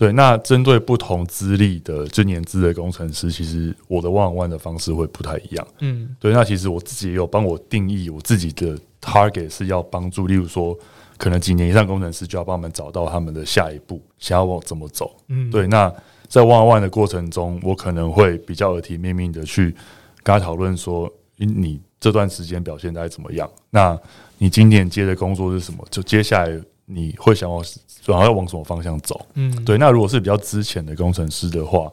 對，那針對不同資歷的、尊年資的工程師，其實我的 one on one 的方式會不太一樣。嗯，對，那其實我自己也有幫我定義我自己的 target 是要幫助，例如說，可能幾年以上工程師就要幫我們找到他們的下一步，想要往怎麼走。嗯，對，那在 one on one 的過程中，我可能會比較耳提面命的去跟他討論說，你這段時間表現大概怎麼樣？那你今年接的工作是什麼？就接下來。你會想要轉而要往什麼方向走？嗯，對。那如果是比較資淺的工程師的話，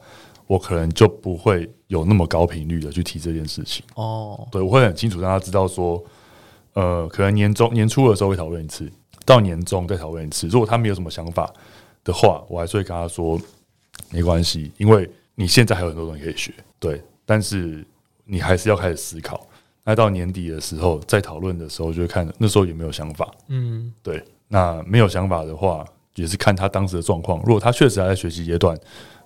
我可能就不會有那麼高頻率的去提這件事情。哦，對，我會很清楚讓他知道說，呃，可能年中年初的時候會討論一次，到年終再討論一次。如果他沒有什麼想法的話，我還是會跟他說沒關係，因為你現在還有很多東西可以學。對，但是你還是要開始思考。那到年底的時候再討論的時候，就會看那時候有沒有想法。嗯，對。那沒有想法的話，也是看他當時的狀況。如果他確實還在學習階段，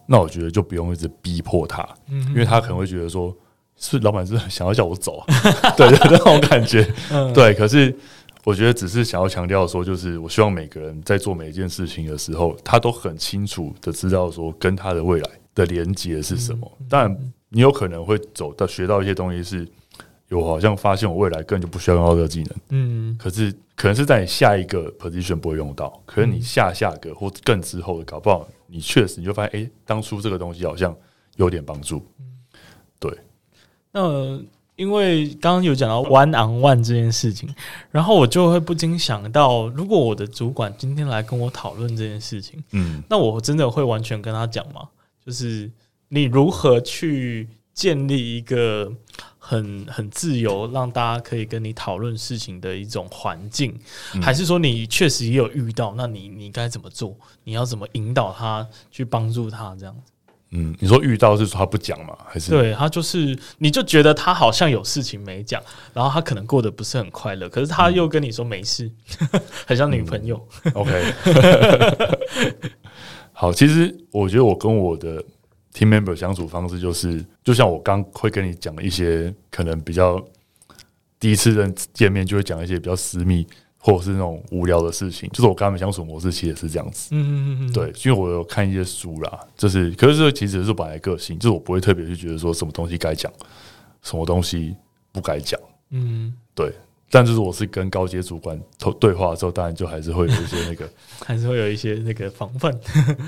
那我覺得就不用一直逼迫他，嗯、哼因為他可能會覺得說是老板是，是想要叫我走，啊， 對，那種感覺，嗯、對。可是我覺得只是想要強調說，就是我希望每個人在做每一件事情的時候，他都很清楚的知道說跟他的未來的連接是什麼。嗯、哼當然，你有可能會走到學到一些東西是。我好像發現，我未來根本就不需要用到這個技能。嗯，可是可能是在你下一個 position 不會用到，可是你下下個或更之後的搞不好，你確實你就發現，哎，當初這個東西好像有點幫助。嗯，對，呃。對，那因為剛剛有講到 one on one 這件事情，然後我就會不禁想到，如果我的主管今天來跟我討論這件事情，嗯，那我真的會完全跟他講嗎？就是你如何去建立一個？很很自由，讓大家可以跟你討論事情的一種環境，嗯、還是說你確實也有遇到？那你你該怎麼做？你要怎麼引導他去幫助他這樣子？嗯，你說遇到是說他不講嗎？還是對他就是你就覺得他好像有事情沒講，然後他可能過得不是很快樂，可是他又跟你說沒事，嗯、 很像女朋友、嗯。 OK， 好，其實我覺得我跟我的。team member 相處方式就是，就像我剛會跟你講一些可能比較第一次認見面就會講一些比較私密或者是那種無聊的事情，就是我跟他們相處模式其實是這樣子。嗯嗯嗯嗯，對，因為我有看一些書啦，就是可是這其實是本來個性，就是我不會特別去覺得說什麼東西該講，什麼東西不該講。嗯，嗯，對，但就是我是跟高階主管頭對話的時候，當然就還是會有一些那個，還是會有一些那個防範。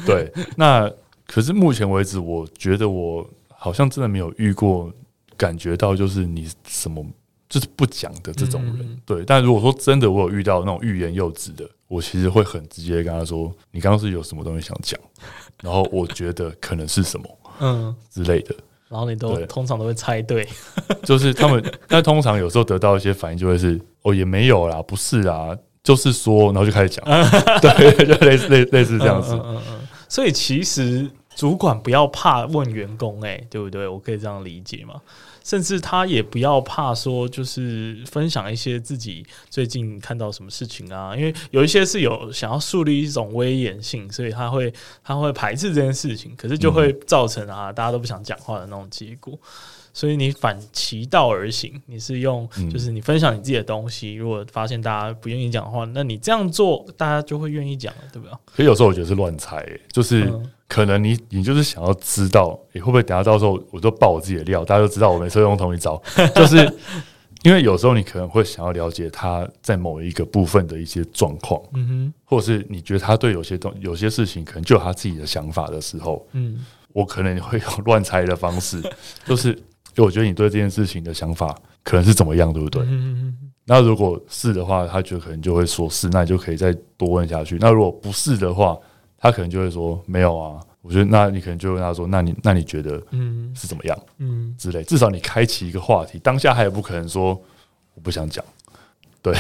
對，那。可是目前為止，我覺得我好像真的沒有遇過感覺到就是你什麼就是不講的這種人，嗯嗯嗯、對。但如果說真的，我有遇到那種欲言又止的，我其實會很直接跟他說：“你剛剛是有什麼東西想講？”然後我覺得可能是什麼，嗯之類的。然後你都對通常都會猜對，就是他們。 但通常有時候得到一些反應，就會是：“哦，也沒有啦，不是啊，就是說，然後就開始講。” 對，就類似類似類似這樣子嗯。嗯嗯，嗯。所以其實。主管不要怕問員工、欸，哎，對不對？我可以這樣理解嘛？甚至他也不要怕說，就是分享一些自己最近看到什麼事情啊？因為有一些是有想要樹立一種威嚴性，所以他會他會排斥這件事情，可是就會造成啊，大家都不想講話的那種結果。嗯所以你反其道而行，你是用就是你分享你自己的東西。嗯、如果發現大家不願意講的話，那你這樣做大家就會願意講，對不對？所以有時候我覺得是亂猜、欸，就是可能你你就是想要知道，你、欸、會不會等下到時候我就爆我自己的料，大家就知道我每次用同一招。 就是因為有時候你可能會想要了解他在某一個部分的一些狀況，嗯哼，或者是你覺得他對有些東有些事情可能就有他自己的想法的時候，嗯，我可能會用亂猜的方式，就是。就我覺得你對這件事情的想法可能是怎麼樣，對不對？嗯嗯，那如果是的話，他覺得可能就會說是，那你就可以再多問下去。那如果不是的話，他可能就會說沒有啊。我覺得那你可能就會跟他說，那你那你覺得嗯，是怎麼樣嗯，之類。至少你開啟一個話題，當下還有不可能說我不想講。對，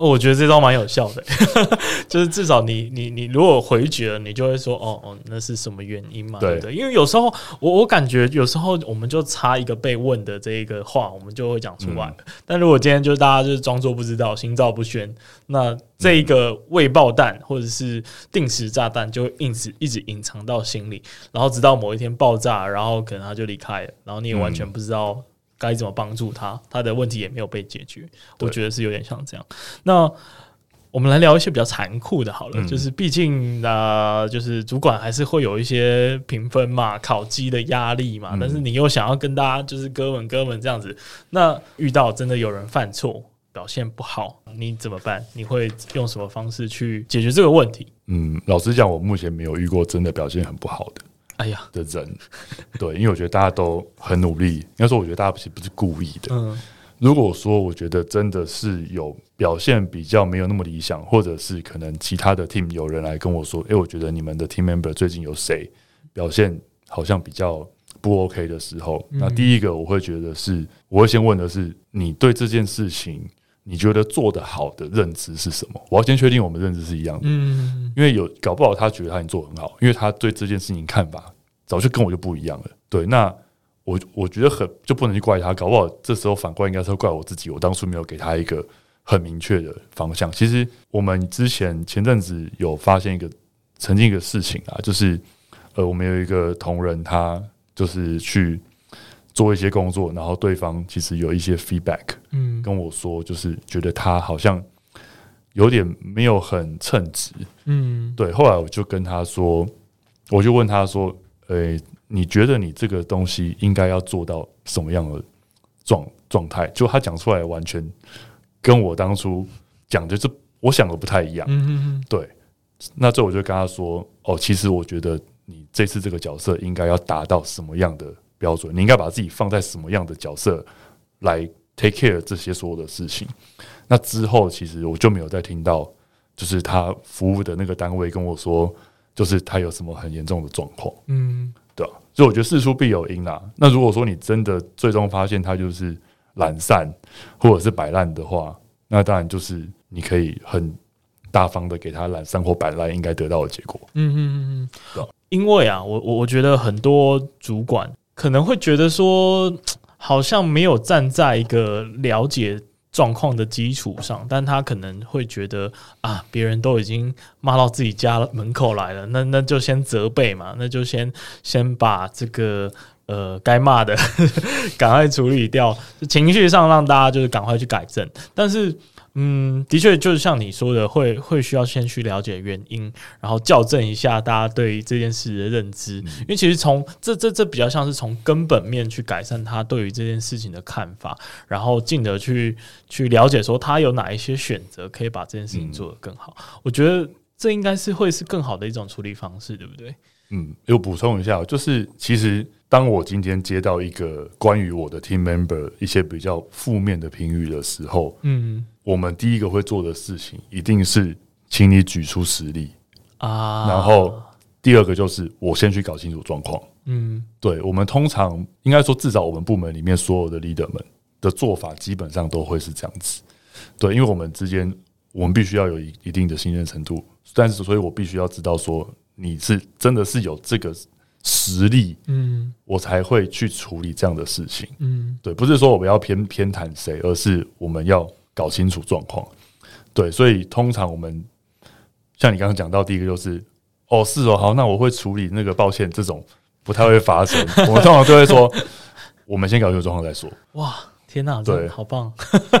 我覺得這招蠻有效的。 就是至少你你你如果回絕了，你就會說哦哦，那是什麼原因嘛？對對，因為有時候我我感覺有時候我們就差一個被問的這一個話，我們就會講出來。嗯、但如果今天就是大家就是裝作不知道，心照不宣，那這一個未爆彈或者是定時炸彈就一直一直隱藏到心裡，然後直到某一天爆炸，然後可能他就離開了，然後你也完全不知道、嗯。該怎麼幫助他？他的問題也沒有被解決，對我覺得是有點像這樣。那我們來聊一些比較殘酷的，好了，嗯、就是畢竟啊、呃，就是主管還是會有一些評分嘛、考績的壓力嘛。嗯、但是你又想要跟大家就是哥們哥們這樣子。那遇到真的有人犯錯、表現不好，你怎麼辦？你會用什麼方式去解決這個問題？嗯，老實講，我目前沒有遇過真的表現很不好的。哎呀，的人，對，因為我覺得大家都很努力。應該說，我覺得大家其實不是故意的。如果說，我覺得真的是有表現比較沒有那麼理想，或者是可能其他的 team 有人來跟我說，哎，我覺得你們的 team member 最近有誰表現好像比較不 OK 的時候，那第一個我會覺得是，我會先問的是，你對這件事情。你覺得做得好的認知是什麼？我要先確定我們認知是一樣的，嗯，因為有搞不好他覺得他已經做得很好，因為他對這件事情看法早就跟我就不一樣了。對，那我我覺得很就不能去怪他，搞不好這時候反過來應該是怪我自己，我當初沒有給他一個很明確的方向。其實我們之前前陣子有發現一個曾經一個事情啊，就是呃，我們有一個同仁，他就是去。做一些工作，然後對方其實有一些 feedback，嗯，跟我說就是覺得他好像有點沒有很稱職，嗯，對。後來我就跟他說，我就問他說，誒、欸，你覺得你這個東西應該要做到什麼樣的狀狀態？就他講出來完全跟我當初講的這我想的不太一樣，嗯嗯嗯，對。那這我就跟他說，哦、喔，其實我覺得你這次這個角色應該要達到什麼樣的標準，你應該把自己放在什麼樣的角色來 take care 這些所有的事情？那之後，其實我就沒有再聽到，就是他服務的那個單位跟我說，就是他有什麼很嚴重的狀況。嗯，嗯，對。所以我覺得事出必有因啦、啊。那如果說你真的最終發現他就是懶散或者是擺爛的話，那當然就是你可以很大方的給他懶散或擺爛應該得到的結果。嗯嗯嗯嗯，對。因為啊，我我我覺得很多主管。可能會覺得說，好像沒有站在一個了解狀況的基礎上，但他可能會覺得啊，別人都已經罵到自己家門口來了，那那就先責備嘛，那就先先把這個呃該罵的呵呵趕快處理掉，情緒上讓大家就是趕快去改正，但是。嗯，的確，就是像你說的，會會需要先去了解原因，然後校正一下大家對於這件事的認知，嗯、因為其實從這這這比較像是從根本面去改善他對於這件事情的看法，然後進而去去了解說他有哪一些選擇可以把這件事情做得更好。嗯、我覺得這應該是會是更好的一種處理方式，對不對？嗯，又補充一下，就是其實當我今天接到一個關於我的 team member 一些比較負面的評語的時候，嗯、嗯，我們第一個會做的事情一定是請你舉出實例啊，然後第二個就是我先去搞清楚狀況。嗯、嗯，對，我們通常應該說，至少我們部門裡面所有的 leader 們的做法基本上都會是這樣子，對，因為我們之間，我們必須要有一定的信任程度，但是所以我必須要知道說。你是真的是有這個實力，嗯，我才會去處理這樣的事情，嗯,嗯，對，不是說我們要偏偏袒誰，而是我們要搞清楚狀況，對，所以通常我們像你剛剛講到，第一個就是，哦，是哦，好，那我會處理，那個抱歉這種不太會發生，我們通常就會說， 我們先搞清楚狀況再說，哇。天吶、啊，對，好棒！對,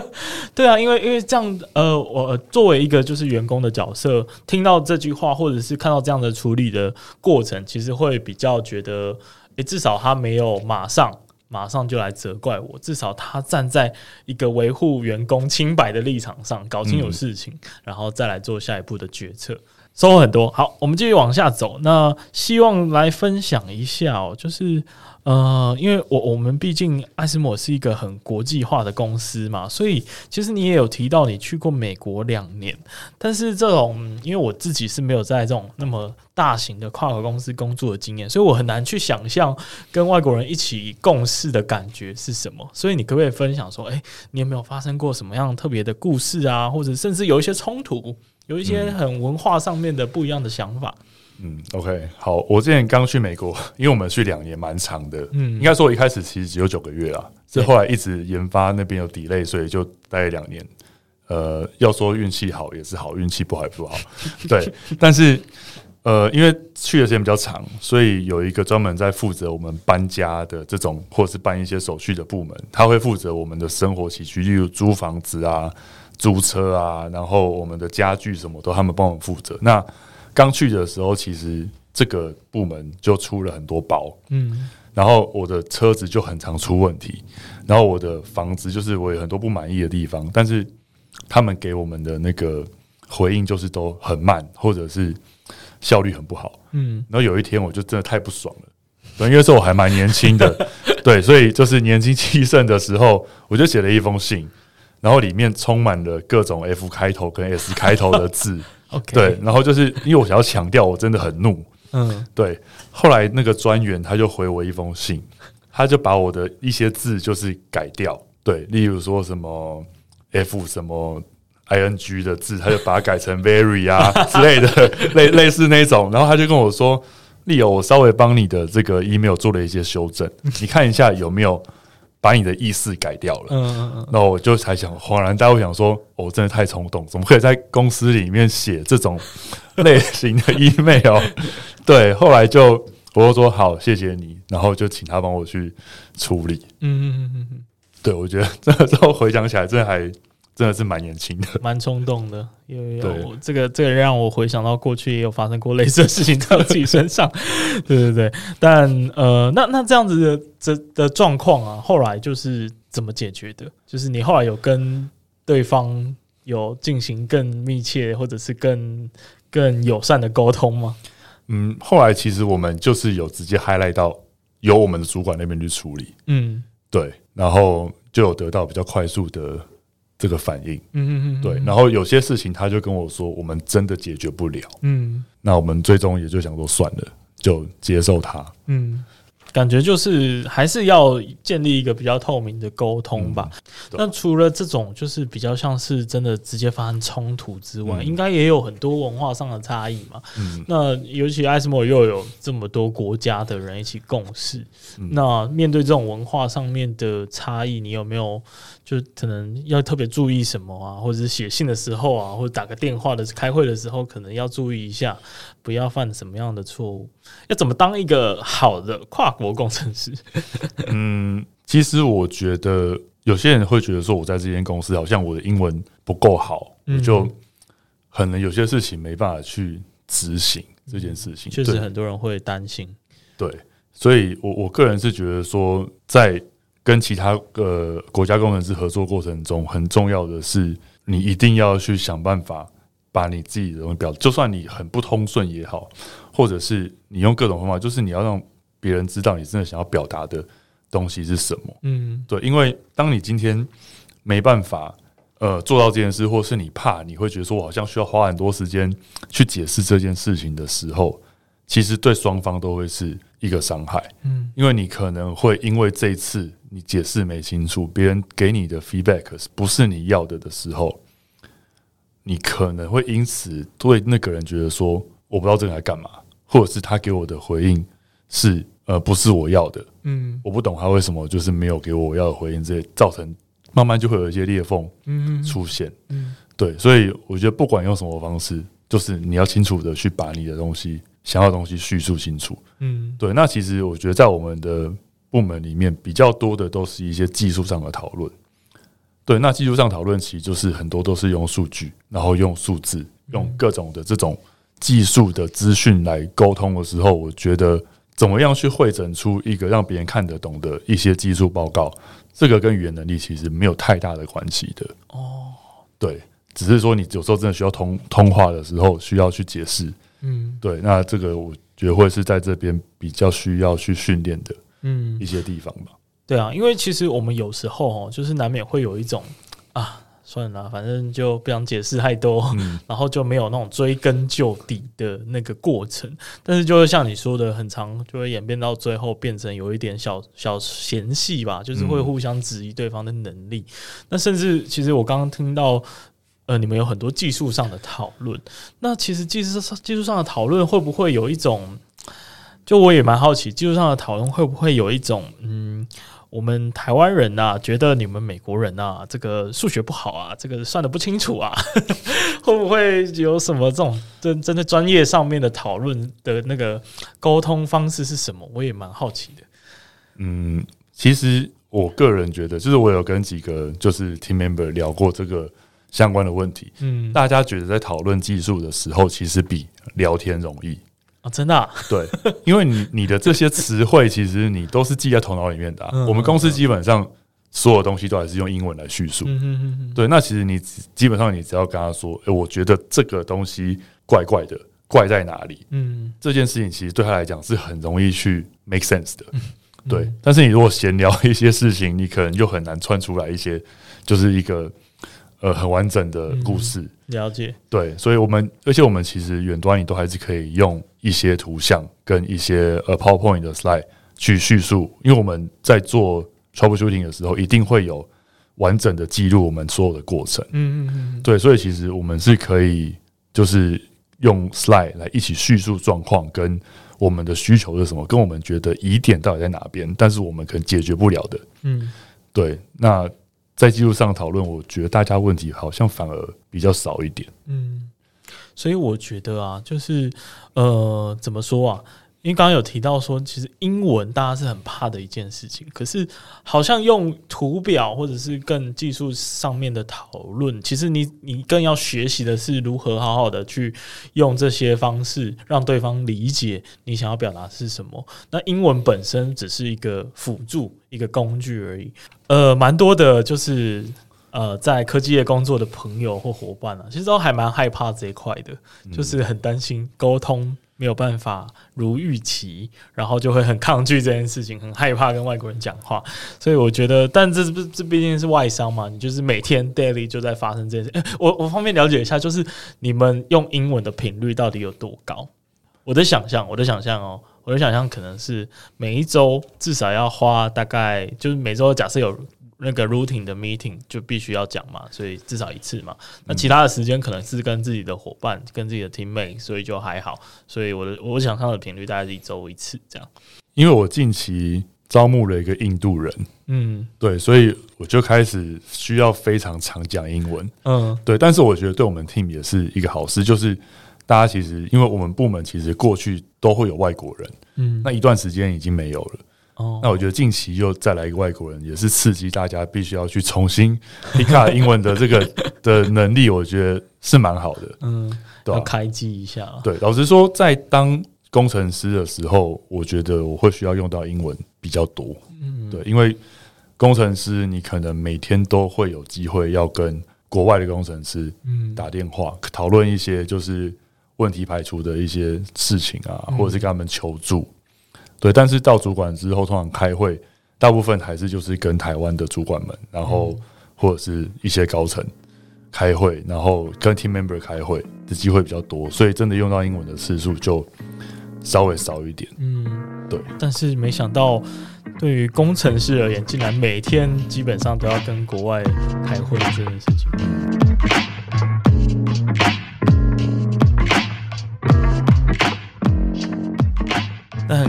對啊，因為因為這樣，呃，我作為一個就是員工的角色，聽到這句話，或者是看到這樣的處理的過程，其實會比較覺得，誒、欸，至少他沒有馬上馬上就來責怪我，至少他站在一個維護員工清白的立場上，搞清楚事情，嗯、然後再來做下一步的決策，收穫很多。好，我們繼續往下走，那希望來分享一下哦、喔，就是。呃，因為我我們畢竟艾司摩是一個很國際化的公司嘛，所以其實你也有提到你去過美國兩年，但是這種因為我自己是沒有在這種那麼大型的跨國公司工作的經驗，所以我很難去想象跟外國人一起共事的感覺是什麼。所以你可不可以分享說，誒、欸，你有沒有發生過什麼樣特別的故事啊，或者甚至有一些衝突，有一些很文化上面的不一樣的想法？嗯嗯，OK，好，我之前剛去美國，因為我們去兩年蠻長的，嗯，應該說我一開始其實只有九個月啊，這的後來一直研發那邊有 delay，所以就待了兩年。呃，要說運氣好也是好，運氣不好也不好。 對，但是呃，因為去的時間比較長，所以有一個專門在負責我們搬家的這種，或者是辦一些手續的部門，他會負責我們的生活起居，例如租房子啊、租車啊，然後我們的家具什麼都他們幫我們負責。那剛去的時候，其實這個部門就出了很多包，嗯,嗯，嗯、然後我的車子就很常出問題，然後我的房子就是我有很多不滿意的地方，但是他們給我們的那個回應就是都很慢，或者是效率很不好，嗯,嗯，嗯、然後有一天我就真的太不爽了，因為那時候我還蠻年輕的， 對，所以就是年輕氣盛的時候，我就寫了一封信，然後裡面充滿了各種 F 開頭跟 S 開頭的字。 Okay, 對，然後就是因為我想要強調，我真的很怒。嗯，對。後來那個專員他就回我一封信，他就把我的一些字就是改掉，對，例如說什麼 f 什麼 i n g 的字，他就把它改成 very 啊之類的， 類類似那種。然後他就跟我說：“Leo，我稍微幫你的這個 email 做了一些修正，你看一下有沒有。”把你的意思改掉了，嗯嗯嗯，那我就才想恍然大悟，想說我、哦、真的太衝動，怎麼可以在公司裡面寫這種類型的 email？ 對，後來就我又說好，謝謝你，然後就請他幫我去處理。嗯嗯嗯嗯，對，我覺得這時候回想起來，真的還。真的是蠻年輕的，蠻衝動的。因為對有這個，這個讓我回想到過去也有發生過類似的事情 到自己身上。對對對。但呃，那那這樣子的這的狀況啊，後來就是怎麼解決的？就是你後來有跟對方有進行更密切或者是更更友善的溝通嗎？嗯，後來其實我們就是有直接 highlight 到由我們的主管那邊去處理。嗯，對，然後就有得到比較快速的。這個反應，嗯嗯嗯，對。然後有些事情，他就跟我說，我們真的解決不了嗯。嗯，那我們最終也就想說，算了，就接受他。嗯，感覺就是還是要建立一個比較透明的溝通吧。那除了這種，就是比較像是真的直接發生衝突之外，應該也有很多文化上的差異嘛。嗯，那尤其 ASML 又有這麼多國家的人一起共事，那面對這種文化上面的差異，你有沒有？就可能要特別注意什麼啊，或者是寫信的時候啊，或者打個電話的、開會的時候，可能要注意一下，不要犯什麼樣的錯誤，要怎麼當一個好的跨國工程師？嗯，其實我覺得有些人會覺得說，我在這間公司好像我的英文不夠好，嗯、哼就可能有些事情沒辦法去執行這件事情。確、嗯、對實，很多人會擔心。對，所以我，我我個人是覺得說，在跟其他國家工程師合作過程中，很重要的是，你一定要去想辦法把你自己的東西表，就算你很不通順也好，或者是你用各種方法，就是你要讓別人知道你真的想要表達的東西是什麼。嗯，對，因為當你今天沒辦法呃做到這件事，或是你怕你會覺得說我好像需要花很多時間去解釋這件事情的時候，其實對雙方都會是。一個傷害，嗯，因為你可能會因為這一次你解釋沒清楚，別人給你的 feedback 不是你要的的時候，你可能會因此對那個人覺得說我不知道這個來幹嘛，或者是他給我的回應是呃不是我要的，嗯，我不懂他為什麼就是沒有給我要的回應，這些造成慢慢就會有一些裂縫，嗯，出現，嗯，對，所以我覺得不管用什麼方式，就是你要清楚的去把你的東西。想要的東西敘述清楚，嗯，對，那其實我覺得在我們的部門裡面比較多的都是一些技術上的討論。對，那技術上討論其實就是很多都是用數據，然後用數字，用各種的這種技術的資訊來溝通的時候，我覺得怎麼樣去彙整出一個讓別人看得懂的一些技術報告，這個跟語言能力其實沒有太大的關係的。哦，對，只是說你有時候真的需要通通話的時候需要去解釋。嗯，對，那這個我覺得會是在這邊比較需要去訓練的，嗯，一些地方吧、嗯。對啊，因為其實我們有時候哦、喔，就是難免會有一種啊，算了，反正就不想解釋太多，嗯、然後就沒有那種追根究底的那個過程。但是，就會像你說的，很常，就會演變到最後變成有一點小小嫌隙吧，就是會互相質疑對方的能力。嗯、那甚至，其實我剛剛聽到。呃，你們有很多技術上的討論。那其實技術上技術上的討論會不會有一種？就我也蠻好奇，技術上的討論會不會有一種？嗯，我們台灣人吶、啊，覺得你們美國人吶、啊，這個數學不好啊，這個算得不清楚啊， 會不會有什麼這種真真的專業上面的討論的那個溝通方式是什麼？我也蠻好奇的。嗯，其實我個人覺得，就是我有跟幾個就是 team member 聊過這個相關的問題，嗯，大家覺得在討論技術的時候，其實比聊天容易啊？真的、啊？對，因為你你的這些詞彙，其實你都是記在頭腦裡面的、啊。嗯、我們公司基本上所有東西都還是用英文來敘述。嗯嗯嗯。對，那其實你基本上你只要跟他說，哎、欸，我覺得這個東西怪怪的，怪在哪裡？嗯，這件事情其實對他來講是很容易去 make sense 的。嗯嗯、對，但是你如果閒聊一些事情，你可能就很難串出來一些，就是一個。呃，很完整的故事，嗯、了解。對，所以，我們而且我們其實遠端，也都還是可以用一些圖像跟一些呃，PowerPoint 的 Slide 去敘述。因為我們在做 Trouble Shooting 的時候，一定會有完整的記錄我們所有的過程。嗯，嗯嗯嗯。對，所以其實我們是可以，就是用 Slide 來一起敘述狀況跟我們的需求是什麼，跟我們覺得疑點到底在哪邊，但是我們可能解決不了的。嗯，對，那。在技術上討論，我覺得大家問題好像反而比較少一點。嗯，所以我覺得啊，就是呃，怎麼說啊？因為剛剛有提到說，其實英文大家是很怕的一件事情。可是，好像用圖表或者是更技術上面的討論，其實你你更要學習的是如何好好的去用這些方式讓對方理解你想要表達是什麼。那英文本身只是一個輔助，一個工具而已。呃，蠻多的，就是呃，在科技業工作的朋友或夥伴啊，其實都還蠻害怕這一塊的，就是很擔心溝通。沒有辦法如預期，然後就會很抗拒這件事情，很害怕跟外國人講話。所以我覺得，但這這畢竟是外商嘛，你就是每天 daily 就在發生這件事。我我方便了解一下，就是你們用英文的頻率到底有多高？我的想象，我的想象哦，我的想象可能是每一周至少要花大概，就是每周假設有。那個 routine 的 meeting 就必須要講嘛，所以至少一次嘛。那其他的時間可能是跟自己的夥伴、嗯、跟自己的 teammate，所以就還好。所以我的我想上的頻率大概是一周一次這樣。因為我近期招募了一個印度人，嗯，對，所以我就開始需要非常常講英文，嗯，對。但是我覺得對我們 team 也是一個好事，就是大家其實因為我們部門其實過去都會有外國人，嗯，那一段時間已經沒有了。Oh. 那我覺得近期又再來一個外國人，也是刺激大家必須要去重新提高 英文的這個的能力。我覺得是蠻好的， 嗯，對、啊，要開機一下。對，老實說，在當工程師的時候，我覺得我會需要用到英文比較多。嗯，對，因為工程師你可能每天都會有機會要跟國外的工程師嗯打電話討論、嗯、一些就是問題排除的一些事情啊，嗯、或者是跟他們求助。對，但是到主管之後，通常開會大部分還是就是跟台灣的主管們，然後或者是一些高層開會，然後跟 team member 開會的機會比較多，所以真的用到英文的次數就稍微少一點。嗯，對。但是沒想到，對於工程師而言，竟然每天基本上都要跟國外開會這件事情。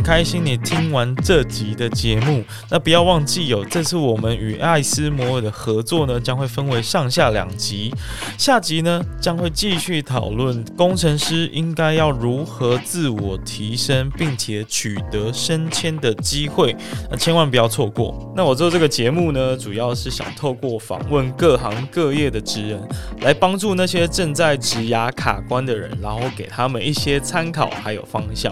開心你聽完這集的節目，那不要忘記有、哦、這次我們與艾司摩爾的合作呢，將會分為上下兩集。下集呢將會繼續討論工程師應該要如何自我提升，並且取得升遷的機會，那千萬不要錯過。那我做這個節目呢，主要是想透過訪問各行各業的職人，來幫助那些正在職涯卡關的人，然後給他們一些參考還有方向。